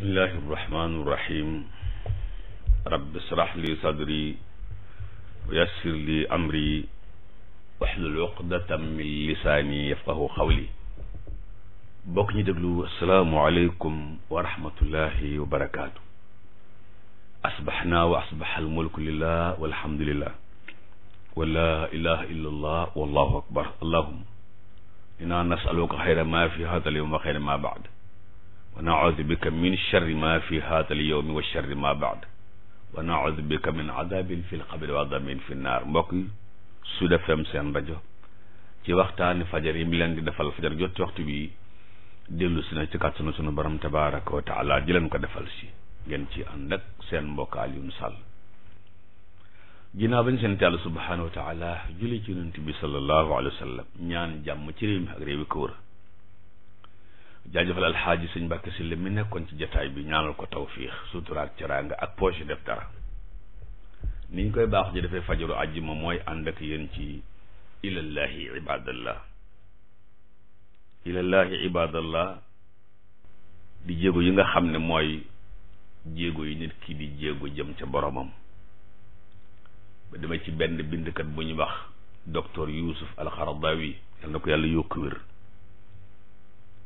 bismillahi irrahmani irrahim rabbi israh li sadri wa yassir li amri wahlul uqdatan min lisaani yafqahu qawli bokk ñu déglu asalaamualeykum wa rahmatullahi wa barakaatu asbaxnaa wa asbaxa almulku lillah walhamdulillah wa laa ilaha illa allah wallahu akbar allahuma inna nasaluka xayra ma fi hada al yowm wa xayra ma baad wa naudu bika min charri ma fi haata al yowmi wa charri ma baad wa naudu bika min adabin fi lxabri wa adabin fi naar mbokk yi Sud FM seen rajo ci waxtaani fajar yi mi leen di defal fajar jot ci waxtu bi dellu si na ci kàttanu sunu borom tabaraka wa taala ji leen ko defal si ngeen ci ànd ak seen mbokk Alioune Sall ginnaaw bañ seen te yàlla subhanahu wa taala julli ci yonent bi sallallahu alayhi wa sallam ñaan jàmm ci réew mi ak réew yi ko wër jaajëfal alxaaji sëñ Mbàkke si la mi nekkoon ci jataay bi ñaanal ko tawfiix suturaak caraanga ak poche def dara ni ñu koy baax ji dafay fajaru àjjuma mooy ànd ak yéen ci ilallahi ibadallah ilallahi ibadallah di jéego yi nga xam ne mooy jéego yi nit ki di jéego jëm ca boromam ba dama ci benn bindkat bu ñu wax docteur Yuusuf alxaradawi yal na ko yàlla yokk wér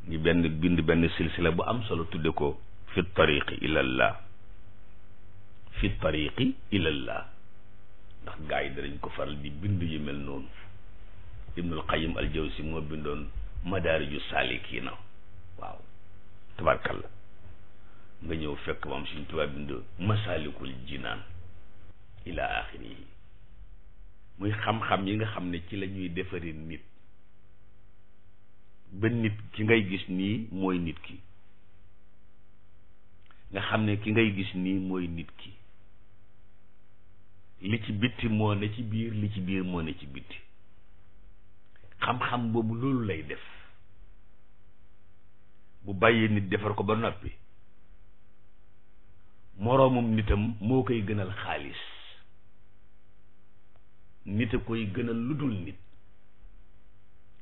ñu benn bind benn silsila bu am solo tudde ko fi tariqi ilallah fi tariqi ilallah ndax gaa yi danañ ko faral di bind yu mel noonu ibnul qayim al jawsi moo bindoon madaariju saalikiina waaw tabarkalla nga ñëw fekk moom suñ tubaab bind masaalikul jinaan ila axiri yi muy xam-xam yi nga xam ne ci lañuy ñuy nit ba nit ki ngay gis nii mooy nit ki nga xam ne ki ngay gis nii mooy nit ki li ci bitti moo ne ci biir li ci biir moo ne ci bitti xam-xam boobu loolu lay def bu bàyyee nit defar ko ba noppi moroomum nitam moo koy gënal xaalis nit a koy gënal lu dul nit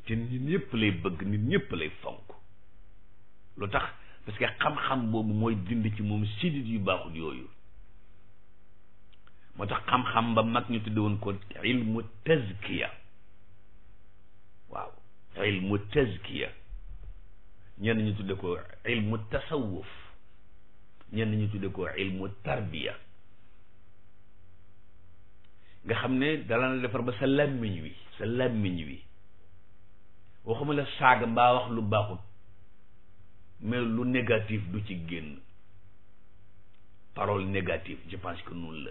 te nit ñëpp lay bëgg nit ñëpp lay fonk lu tax parce que xam-xam boobu mooy dind ci moom sidit yu baaxul yooyu moo tax xam-xam ba mag ñu tudde woon ko ilmu tazkiya waaw ilmu tazkiya ñenn ñu tudde ko ilmu tasawuf ñenn ñu tudde ko ilmu tarbiya nga xam ne dala na defar ba sa làmmiñ wi sa làmmiñ wi waxuma la saaga mbaa wax lu baaxul mais lu négatif du ci génn parole négatif je pense que noonu la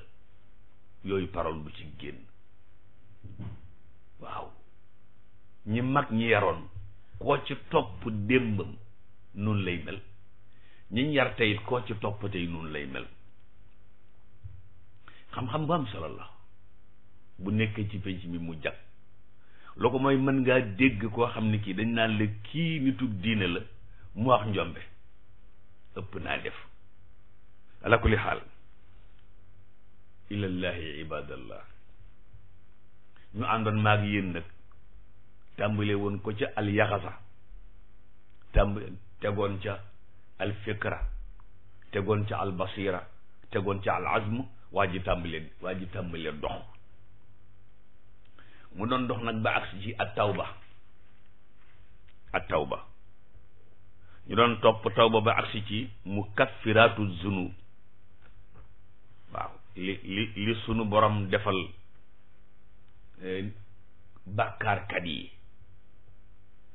yooyu parole du ci génn waaw ñi mag ñi yaroon koo ci topp démbam noonu lay mel ñi yar tey koo ci topp tey noonu lay mel xam-xam bu am solo la bu nekkee ci penc mi mu jag lu mooy mën ngaa dégg koo xam ne kii dañ naan la kii nitug diine la mu wax njombe ëpp naa def ala kulli xaal ilallahi ibadallah ñu àndoon maag yéen nag woon ko ca al yaxasa tegoon ca al fikra tegoon ci al basira tegoon ca al azm waa ji tàmbalee dox mu doon dox nag ba agsi ci at tawba at ba ñu doon topp tawba ba agsi ci mukaffiraatu zunub waaw li li li sunu borom defal eh, bàkkaarkat yi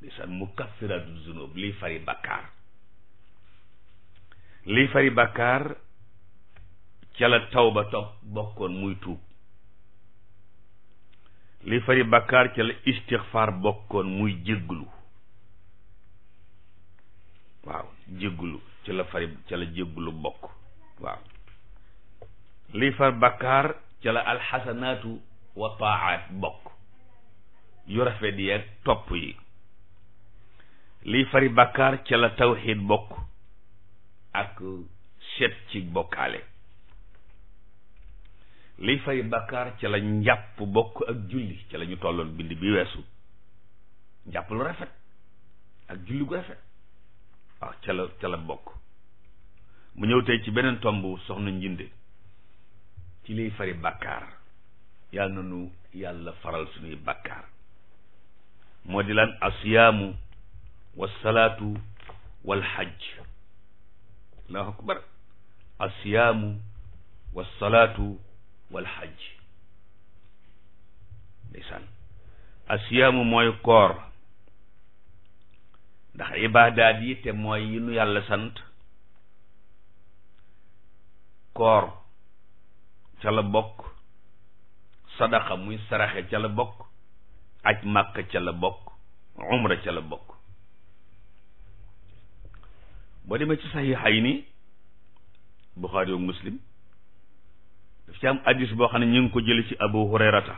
di san mukaffiraatu zunub liy fari bàkkaar liy fari bàkkaar ca la tawba topp bokkoon muy tuub li fari bàkkaar ca la istixfaar bokkoon muy jégglu waaw jégglu ci la fari ca la jégglu bokk waaw li far bàkkaar ca la alxasanaatu wa taaat bokk yu rafet yi ak topp yi liy fari bàkkaar ca la tawxiid bokk ak set ci bokkaale liy fay bàkkaar ca la njàpp bokk ak julli ca la ñu tolloon bind bi weesu njàpp lu rafet ak julli gu rafet ca la ca la bokk mu ñëw tey ci beneen tomb soxna njinde ci liy fari bàkkaar yàlla na nu yàlla faral suñuy bàkkaar moo di lan asiyaamu wasalaatu walxaj allahu akbar asiyaamu wasalaatu wal xaj ndeysaan asiyaamu mooy koor ndax ibaadaat yi te mooy yi nu yàlla sant koor ca la bokk sadaxa muy saraxe ca la bokk aj màkk ca la bokk umra ca la bokk boo demee ci saxiixa yi ni buxaari wa muslim daf ci am hadis boo xam ne ñu ngi ko jële ci abu hurayrata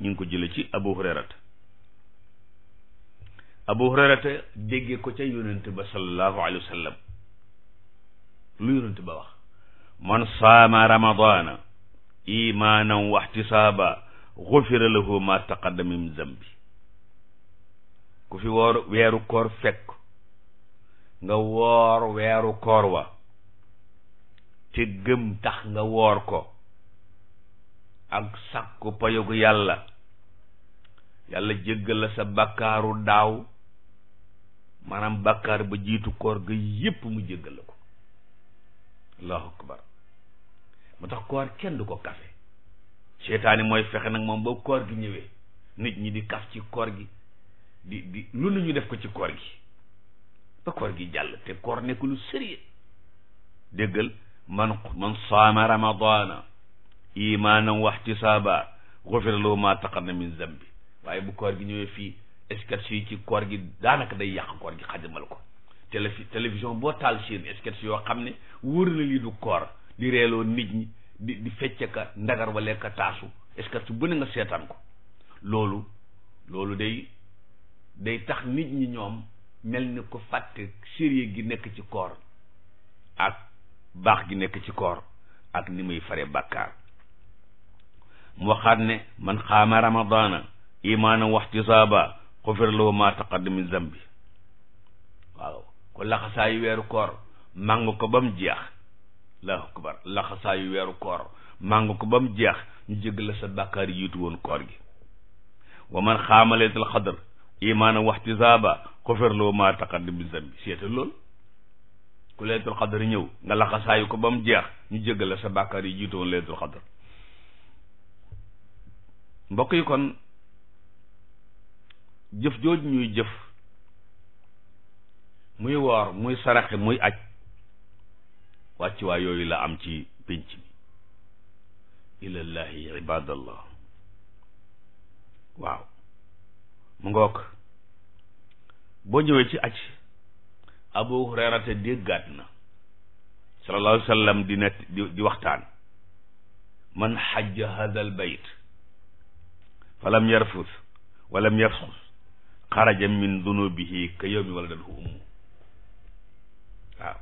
ñu ngi ko jële ci abu hurayrata abu hurayrata dégge ko ca yonent ba sallallahu alayhi wa sallam lu yonent ba wax man saama ramadana imaanan wa ihtisaaba gufira lahu ma taqaddama min zambi ku fi woor weeru koor fekk nga woor weeru koor wa te gëm tax nga woor ko ak sàkku payogu yàlla yàlla jéggal la sa bakkaaru daaw maanaam bakkaar ba jiitu koor ga yépp mu jéggal la ko allahu akbar mu tax koor kenn du ko kafe seytaani mooy fexe nag moom ba koor gi ñëwee nit ñi di kaf ci koor gi di di lu ñu def ko ci koor gi ba koor gi jàll te koor nekk lu sérieux déggal man man saama ramadaana imaanan wa ihtisaaba gufira lahu maa taqaddama min zambi waaye bu koor gi ñëwee fii sketch si ci koor gi daanaka day yàq koor gi xajamal ko téléfi télévision boo taal seen sketch yoo xam ne wóor na lii du koor di reeloo nit ñi di di fecce ka ndagar wala ka taasu sketch bu ne nga seetaan ko loolu loolu day day tax nit ñi ñoom mel ni ko fàtte sérieux gi nekk ci koor baax gi nekk ci koor ak ni muy fare bàkkaar mu waxaat ne man xaama ramadaana imaanan waxtisaaba xufira lahu ma taqaddama min zambi waaw ku laxasaayu weeru koor màng ko ba mu jeex weeru koor màng ko ba mu jeex ñu jégg la sa bàkkaar yiitu woon koor gi wa man xaama laylatal xadr imaanan waxtisaaba xufira lahu ma taqaddama min zambi seetal loolu ku leetul xadar ñëw nga laxasaayu ko ba mu jeex ñu jéggal la sa bàkkaar yi jiitoon leetul xadar mbokk yi kon jëf jooju ñuy jëf muy woor muy saraxe muy aj wàccuwaay yooyu la am ci pénc mi ilallahi ibadallah waaw mu ngoog boo ñëwee ci aj abu hurayrata déggaat na sallallahu alayhi wa sallam di net di waxtaan man xajja hada al bayt fa lam yarfus wa lam yafxus xaraja min dunubihi ka yowmi wala dan humu waaw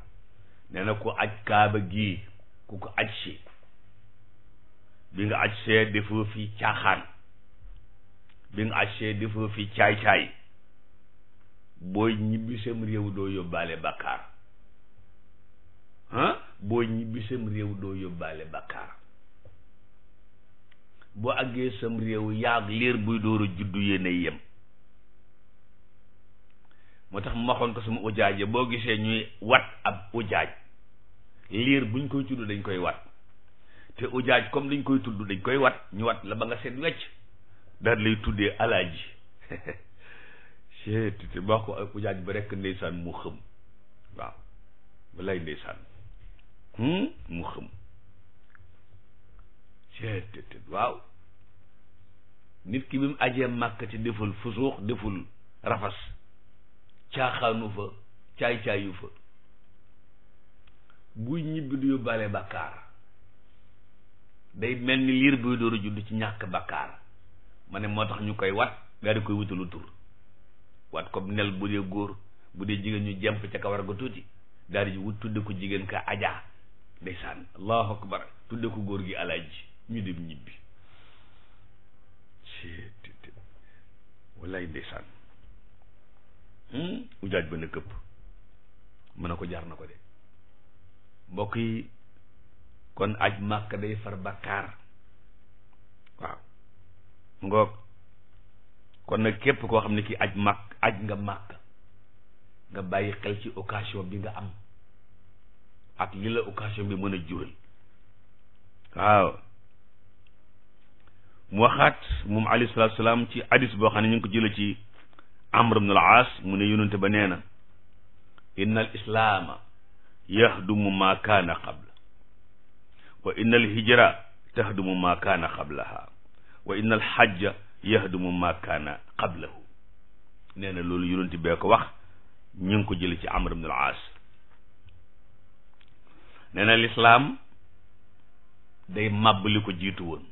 nee na ku aj kaaba gii ku ko aj si bi nga aj see defoo fi caaxaan bi nga aj see defoo fi caay-caay booy ñibbi sem réew doo yóbbaale bàkkaar ah booy ñibbi sem réew doo yóbbaale bàkkaar boo àggee sam réew yaa yaag liir buy door a juddu yéen a yem moo tax mu waxoon ko sama ujaaj boo gisee ñuy wat ab ujaaj liir buñ koy tudd dañ koy wat te ujaaj comme dañ koy tudd dañ koy wat ñu wat la ba nga seet wecc daal lay tuddee alaaji cetité maa ko ujaaj ba rekk ndeysaan mu xëm waaw wallaay ndeysaan hmm? mu xëm cetité waaw nit ki bi mu ajee màkkati deful fusuux deful rafas caaxaanu fa caay-caayu fa buy ñibbi du yóbbaale bàkkaar day mel ni liir buy dooru judd ci ñàkk bàkkaar ma ne moo tax ñu koy wat daa di koy wutalu tur wat ko nel bu dee góor bu dee jigéen ñu jemp ca kawar ga tuuti daal di wut tudde ko jigéen ka ajaa ndeysaan allahu akbar tudde ko góor gi alaaji ñu dem ñibbi wallaay ndeysaan hmm? ujaaj ba na këpp mën na ko jaar na ko de mbokk yi kon aj màkk day far bakkaar waaw ngoog kon nag képp koo xam ne ki aj màkk aj nga màkk nga bàyyi xel ci occasion bi nga am ak li la occasion bi mën a jural waaw mu waxaat moom alayhi salaatu salaam ci hadis boo xam ne ñu ngi ko jële ci amr ibn al aas mu ne yonente ba nee na inna al islaama yahdumu ma kaana qabla wa inna al hijra tahdumu ma kaana qablaha wa inna al hajja yahdumu ma kaana qablahu nee na loolu yonent bee ko wax ñu ngi ko jële ci amr ibn al aas nee lislaam day màbb li ko jiitu woon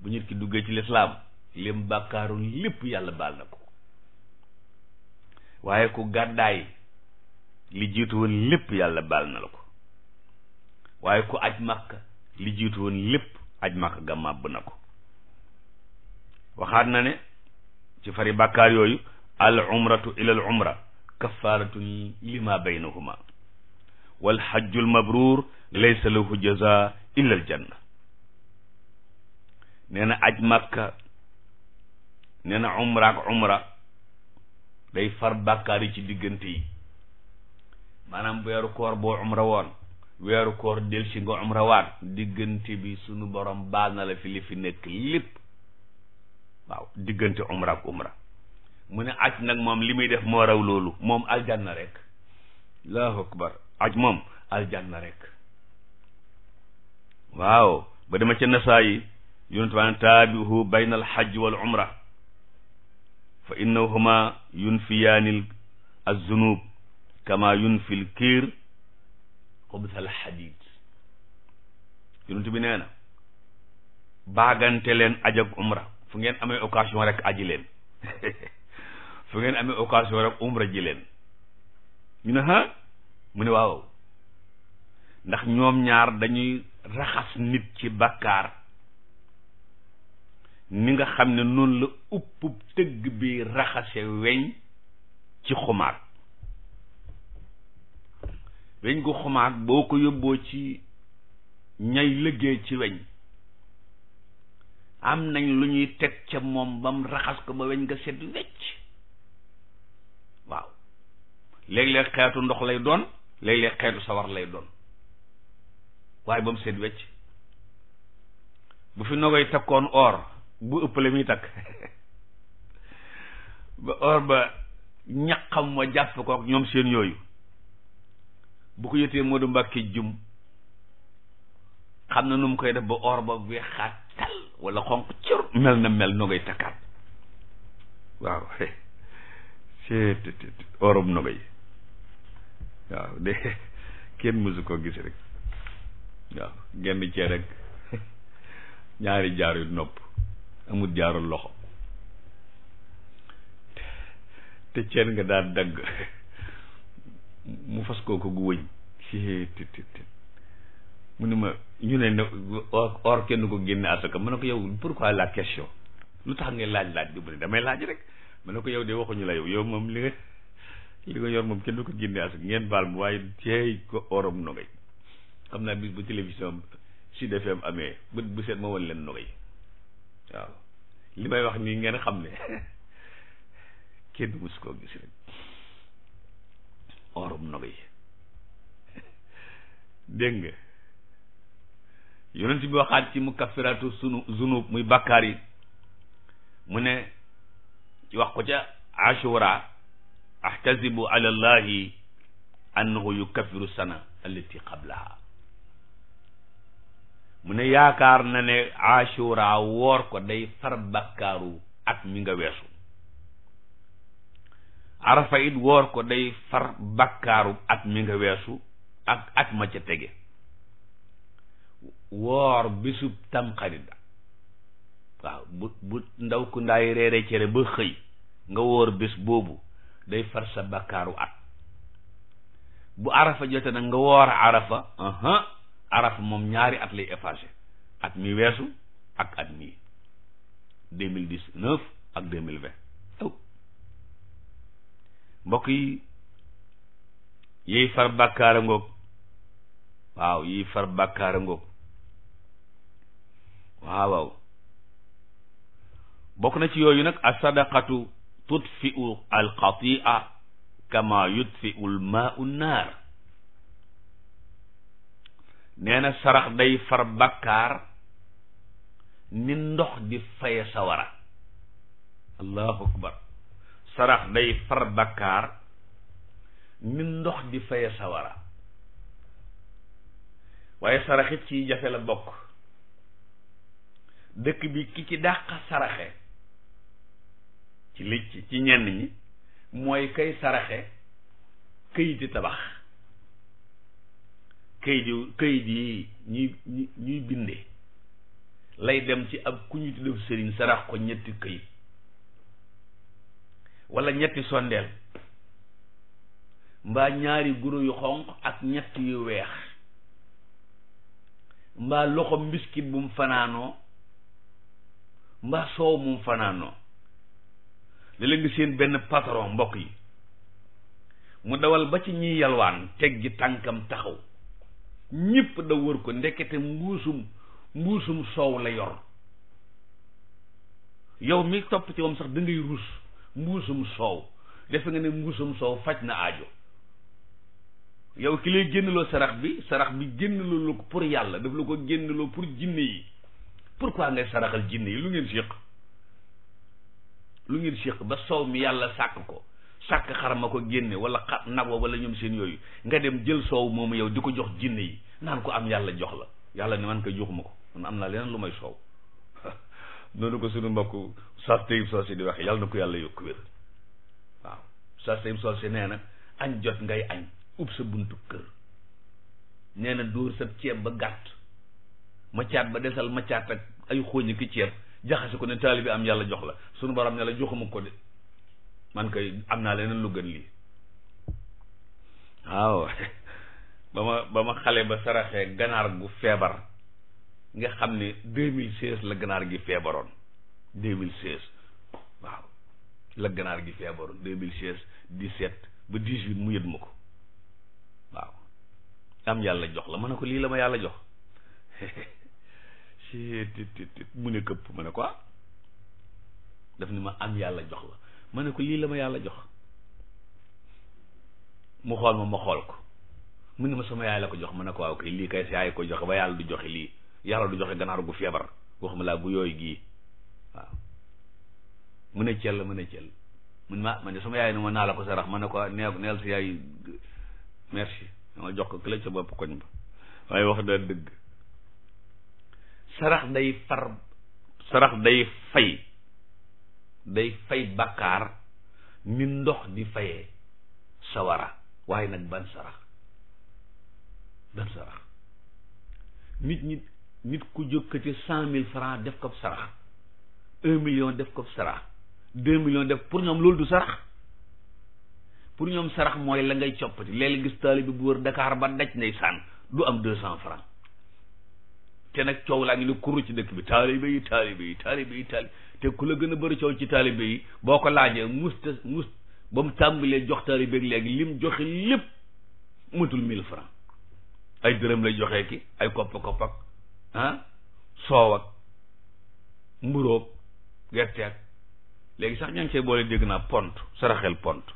bu nit ki duggee ci lislaam lim bàkkaaroon lépp yàlla baal na ko waaye ku gàddaay li jiitu woon lépp yàlla baal na la ko waaye ku aj màkk li jiitu woon lépp aj màkk ga màbb na ko waxaat na ne ci fari bàkkaar yooyu al umratu ila al umra kafaaratun lima baynahuma wal hajjul mabruur laysa lahu jaza illa al janna nee na aj màkka nee na umra ak umra day far bàkkaar yi ci diggante yi maanaam weeru koor boo umra woon weeru koor del si nga bi sunu borom baal na la fi nekk lépp waaw diggante umra ak umra mu ne aj nag moom li muy def moo raw loolu moom aljanna rek allahu akbar aj moom aljanna rek waaw ba dama ca nasaa yi yonent baa ne taabihu bayna alxaj wal umra fa innahuma yunfiyaani alzunub kama yunfi lkiir xubs alxadid yonent bi nee na baagante leen aj ak umra fu ngeen amee occasion rek aji leen fu ngeen amee occasion rek umra ji leen ñu ne ha mu ne waaw ndax ñoom ñaar dañuy raxas nit ci bàkkaar ni nga xam ne noonu la upp tëgg bi raxase weñ ci xumaar weñ gu xumaar boo ko yóbboo ci ñay liggéey ci weñ am nañ lu ñuy teg ca moom ba mu raxas ko ba weñ nga set wecc waaw léeg-léeg xeetu ndox lay doon léeg-léeg xeetu sawar lay doon waaye ba mu set wecc bu fi nogay takkoon or bu ëppale muy takk ba or ba ñaqam ma jàpp ko ñoom seen yooyu bu ko yëtee Modou Mbacke jum xam na nu mu koy def ba or ba weexaat wala xonq cër mel na mel no yi takkaat waaw seet orom no ngay waaw de kenn mësu ko gis rek waaw genn cee rek ñaari jaar yu nopp amul jaarul loxo te ceen nga daan dagg mu fas koo gu wëñ mu ne ma ñu ne ne or or kenn ko génne asaka ma ne ko yow pourquoi la question lu tax ngay laaj laaj bi mu ne damay laaj rek ma ne ko yow de waxuñu la yow yow moom li nga li nga yor moom kenn ko génne asaka ngeen baal mu waaye tey ko oram nogay xam bu télévision bët bu seet ma leen nogay waaw li may wax nii ngeen xam ne kenn mus koo gis rek oram nogay dégg nga yonent bi waxaat ci mukaffiratu sunu zunub muy bàkkaar yi mu ne ci wax ko ca ashura ahtasibu ala llahi annahu yukaffiru sana allati qablaha mu ne yaakaar na ne ashura woor ko day far bàkkaaru at mi nga weesu arafa it woor ko day far bàkkaaru at mi nga weesu ak at ma ca tege woor bisub tamxarit waaw bu bu ndaw ku ndaay reere cere ba xëy nga woor bés boobu day far sa bakkaaru at bu arafa jotee nag nga woor arafa aha arafa moom ñaari at lay effacé at mi weesu ak at mii mbokk yi yiy far bàkkaara ngoog waaw yiy far bàkkaara ngoog waaw waaw bokk na ci yooyu nag as-sadaqatu tudfi'u al-xati'a kama yudfi'u al-maa'u an-naar nee na sarax day far bàkkaar ni ndox di faye sawara allahu akbar sarax day far bàkkaar ni ndox di faye sawara waaye saraxit ci jafe la bokk dëkk bi ki ci dàq saraxe ci li ci ñenn ñi mooy kay saraxe këyiti tabax këyit yu këyit yi ñuy ñuy bindee lay dem ci ab ku ñu tuddee sëriñ sarax ko ñetti këyit wala ñetti sondeel mbaa ñaari guro yu xonq ak ñett yu weex mbaa loxo mbiskit bum fanaanoo mbaa soow mum fanaanoo da leen seen benn patron mbokk yi mu dawal ba ci ñiy yalwaan teg gi tànkam taxaw ñëpp da wër ko ndekete mbuusum mbuusum soow la yor yow mi topp ci moom sax da ngay ruus mbuusum soow defe nga ne mbuusum soow faj na aajo yow ki lay génnloo sarax bi sarax bi génnloo la ko pour yàlla daf la ko génnloo pour jinne yi pourquoi ngay saraxal jinne yi lu ngeen séq lu ngeen séq ba soow mi yàlla sàkk ko sàkk xar ma ko génne wala xa nago wala ñoom seen yooyu nga dem jël soow moomu yow di ko jox jinne yi naan ko am yàlla jox la yàlla ne man koy ma ko man am naa leneen lu may soow noonu ko suñu mbokk sas tayib soosé di waxe yàlla na ko yàlla yokku wér waaw sas tayib soosé nee na añ jot ngay añ ub sa buntu kër nee dóor sa ceeb ba gàtt maccaat ba desal maccaat ak ay xooñi ki ceeb jaxase ko ne taali bi am yàlla jox la sunu borom ne la joxuma ko de man am naa leneen lu gën lii waaw ba xale ba saraxee ganaar gu feebar nga xam ne deux mille la ganaar gi feebaroon deux waaw la ganaar gi feebaroon deux mille seize dix-sept ba ma ko waaw am yàlla jox la ma ne ko lii la ma yàlla jox ci mu ne këpp ma ne ko ah? daf ni ma am yàlla jox la ma ne ko lii la ma yàlla jox mu xool ma ma xool ko mun ne ma sama yaay la ko jox ma ne ko waaw kay ko ba yàlla du joxe lii yàlla du joxe ganaar gu feebar waxuma laa bu yooyu gii mu ne cell mu ne cell mu ne ma ah, ma ne sama yaay ne ma naa la ko sarax ma ne ko ah, nee neel si yaay merci ma jox ko kële ca bopp koñ ba waaye wax daa dëgg sarax day far sarax day fay day fay bàkkaar ni ndox di fayee sawara waaye nag ban sarax ban sarax nit ñi nit ku jóg ci cent mille francs def ko sarax un million def ko sarax deux millions def pour ñoom loolu du sarax pour ñoom sarax mooy la ngay coppati léeg-léeg gis taalibe bu wër Dakar ba daj ndeysaan du am deux cent francs te nag coow laa ngi ne kurru ci dëkk bi taalibe yi taalibe yi taalibe yi taalibe te ku la gën a bëri coow ci taalibe yi boo ko laajee musta mus ba mu tàmbalee jox taalibe ak léegi lim joxe lépp matul mille francs ay dërëm lay joxee ki ay koppa kopp ak ah, soow ak mburóog gerte ak léegi sax ña ngi see boole dégg naa pont saraxel pont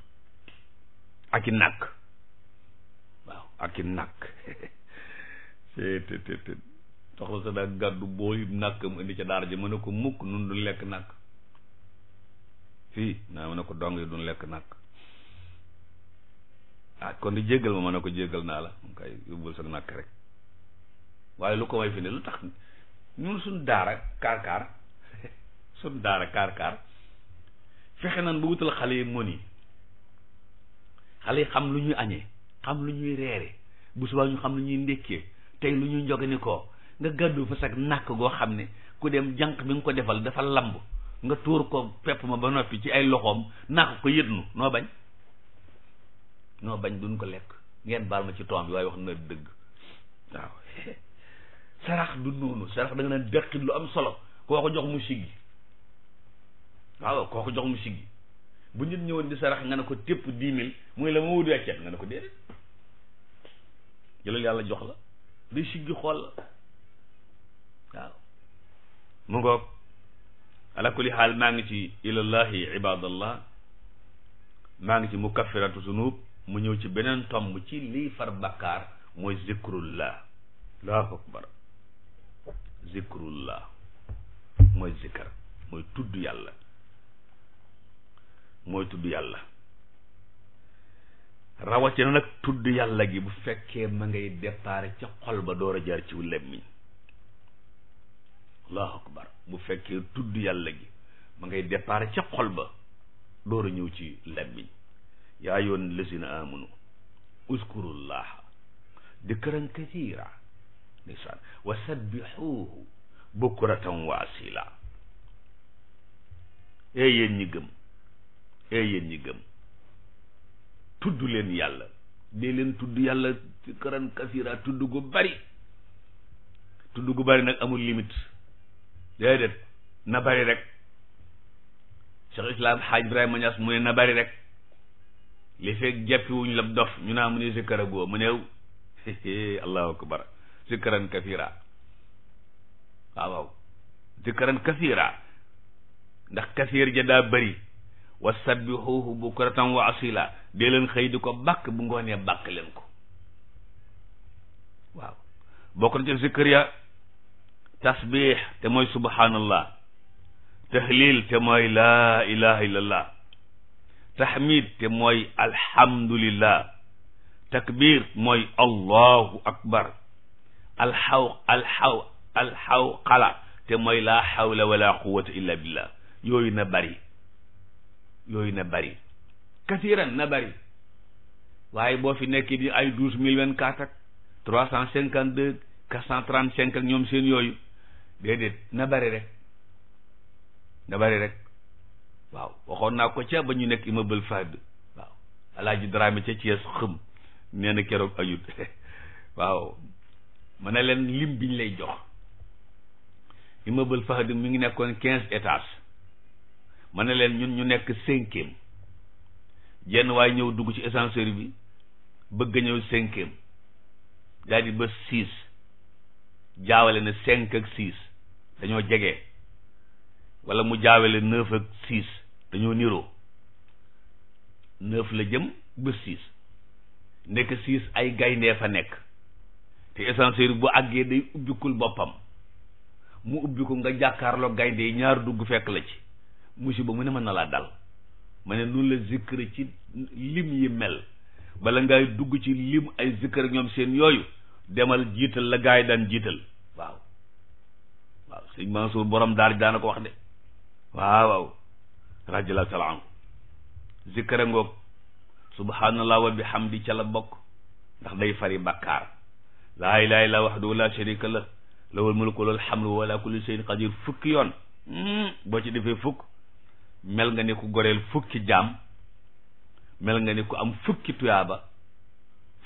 ak i nàkk waaw ak i nàkk toxal sa daa gàddu booyub nàkkam indi ca daara ji mën ne ko mukk nun duñ lekk nàkk fii naa mën ne ko dong yi duñ lekk nàkk ah kon di jéggal ma mën ne ko jéggal naa la kay yóbbul sa nàkk rek waaye lu ko may fi lu tax ñun suñ daara kaar-kaar suñ daara kaar-kaar fexe naan bu wutal xale yi mën yi xale yi xam lu ñuy añee xam lu ñuy reere bu subaa ñu xam lu ñuy ndékkee tey lu ñuy njogani koo nga gàddu fa sag nàkk goo xam ne ku dem jànq bi nga ko defal dafa lamb nga tuur ko pepp ma ba noppi ci ay loxoom nàkk ko yëtnu noo bañ noo bañ duñ ko lekk ngeen baal ma ci toom bi waaye wax na dëgg waaw sarax du noonu sarax da nga naan lu am solo koo ko jox mu siggi waaw koo ko jox mu siggi bu nit ñëwoon di sarax nga ne ko tépp dix mille muy la ma wut weccet nga ne ko déedéet jëlal yàlla jox la day siggi xool la waaw mu ngoog ala kulli xaal maa ngi ci ilallahi ibadallah maa ngi ci mukaffiratu zunub mu ñëw ci beneen tomb ci lii far bakkaar mooy zikrullah allahu akbar zikrullah mooy tudd yàlla mooy tudd yàlla rawatina nag tudd yàlla gi bu fekkee ma ngay départ ca xol ba door a jaar ci wu lemmiñ allahu akbar bu fekkee tudd yàlla gi ma ngay départ ca xol ba door ñëw ci làmmiñ yaa yoon lesina amanu uskurullaha dikran kathira ndeysaan wa sabbixuuhu bukratan wa asila ee yéen ñi gëm ee yéen ñi gëm tudd leen yàlla dee leen tudd yàlla dikran kathira tudd gu bari tudd gu bari nag amul limite déedéet na bari rek Cheikh Islam Haaj Ibrahima Niass mu ne na bari rek li fekk jàppi wuñ la dof ñu naa mu ne zikkara goo mu neew allahu akbar zikkaran kasiira waaw waaw zikkaran kasiira ndax kasiir ja daa bëri wa sabbihuuhu bukratan wa asila dee leen xëy di ko bàkk bu ngoonee bàkk leen ko waaw bokk na ci zikkar ya tasbiix te mooy subhaanallah tahlil te mooy laa ilaha illallah tahmid te mooy alhamdulillah takbir mooy allahu akbar alxaw alxaw te mooy laa hawla wala quwata illa billah yooyu na bari yooyu na bari kasiran na bari boo fi nekk di ay douze mille vingt quatre ak trois cent cinquante deux quatre cent trente cinq ak ñoom seen yooyu déedéet na bari rek na bari rek waaw waxoon naa ko ca ba ñu nekk immeuble Fahd waaw alaaji Dramé ca Thiès xëm nee keroog ayut waaw ma ne leen lim biñ lay jox immeuble Fahd mi ngi nekkoon quinze étages ma ne leen ñun ñu nekk cinquième jenn waaye ñëw dugg ci ascenseur bi bëgg a ñëw cinquième daal ba six jaawale na cinq ak six dañoo jege wala mu jaawele neuf ak six dañoo niroo neuf la jëm ba six nekk six ay gayndee fa nekk te ascenseur bu àggee day ubbikul boppam mu ubbi ko nga jàkkaarloo gaynde yi ñaar dugg fekk la ci musiba mu ne mën na laa dal ma ne nun la zikkër ci lim yi mel bala ngay dugg ci lim ay zikkër ñoom seen yooyu demal jiital la gaa yi daan jiital waaw waaw sëñ borom daal daana ko wax de waaw waaw rajala salaam zikkara ngoog subhanallah wa bihamdi ca la bokk ndax day fari bakkaar laa ilaha illa wahdahu la sharika la lawal mulku lal hamdu wala kulli shay'in qadir fukki yoon hmm, boo ci defee fukk mel nga ni ku goreel fukki jaam mel nga ni ku am fukki tuyaaba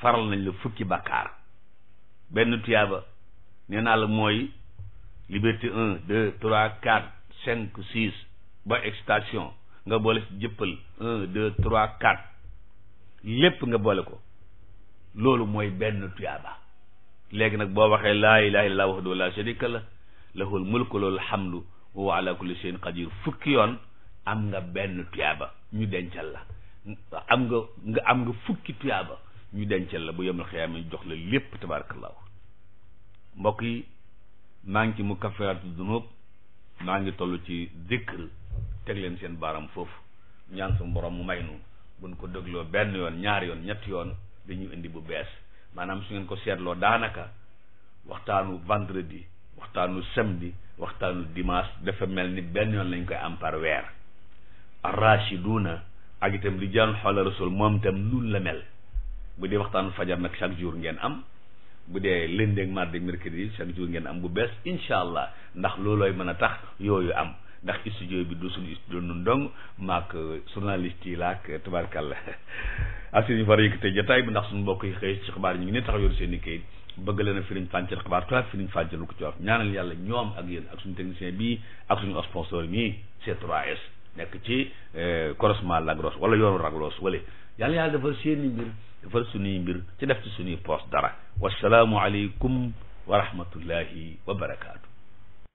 faral nañ la fukki bakkaar benn tuyaaba nee naa mooy liberté un deux trois quatre cinq six ba extension nga boole si jëppal un deux trois quatre lépp nga boole ko loolu mooy benn tuyaaba léegi nag boo waxee laa ilaha illallah wahdahu la sharika la lahul mulku loolu hamdu wa huwa ala kulli shay'in qadir fukki yoon am nga benn tuyaaba ñu dencal la am nga nga am nga fukki tuyaaba ñu dencal la bu yemal xiyaama jox la lépp tabarakallahu mbokk yi maa ngi ci mu kafaaratu dunub maa ngi toll ci zikr teg leen seen baaram foofu ñaan suñu borom mu may nu buñ ko dégloo benn yoon ñaar yoon ñetti yoon dañu indi bu bees maanaam su ngeen ko seetloo daanaka waxtaanu vendredi waxtaanu samedi waxtaanu dimanche dafa mel ni benn yoon lañ koy am par weer arrachiduna ak itam li jaan xoola rasul moom itam nun la mel bu dee waxtaanu fajar nag chaque jour ngeen am bu dee lundi ak mardi mercredi chaque jour ngeen am bu bees incha allah ndax loolooy mën a tax yooyu am ndax studio bi du suñu studio nun dong maak euh, journaliste yi laak euh, tubaarkàlla ak war a yëkkatee jotaay bi ndax mbokk yi xëy ci xibaar ñu ngi ne taxaw yor seen i kayit bëgg leen a firiñ fàncal xibaar tuwaat firiñ fàncal lu ko ci wax ñaanal yàlla ñoom ak yéen ak suñu technicien bii ak suñu sponsor mii C3S nekk ci euh, croisement Lagros wala yoonu wala yàlla yàlla defal seen i fal suñuy mbir ci def ci suñuy poos dara wasalaamu aleykum wa rahmatullahi wa barakaatu.